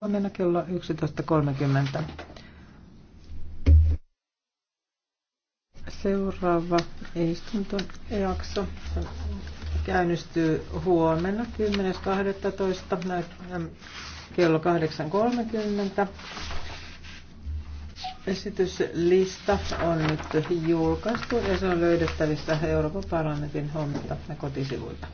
Huomenna kello 11.30. Seuraava istuntojakso käynnistyy huomenna 10.12. kello 8.30. Esityslista on nyt julkaistu ja se on löydettävissä Euroopan parlamentin hommilta ja kotisivuilta.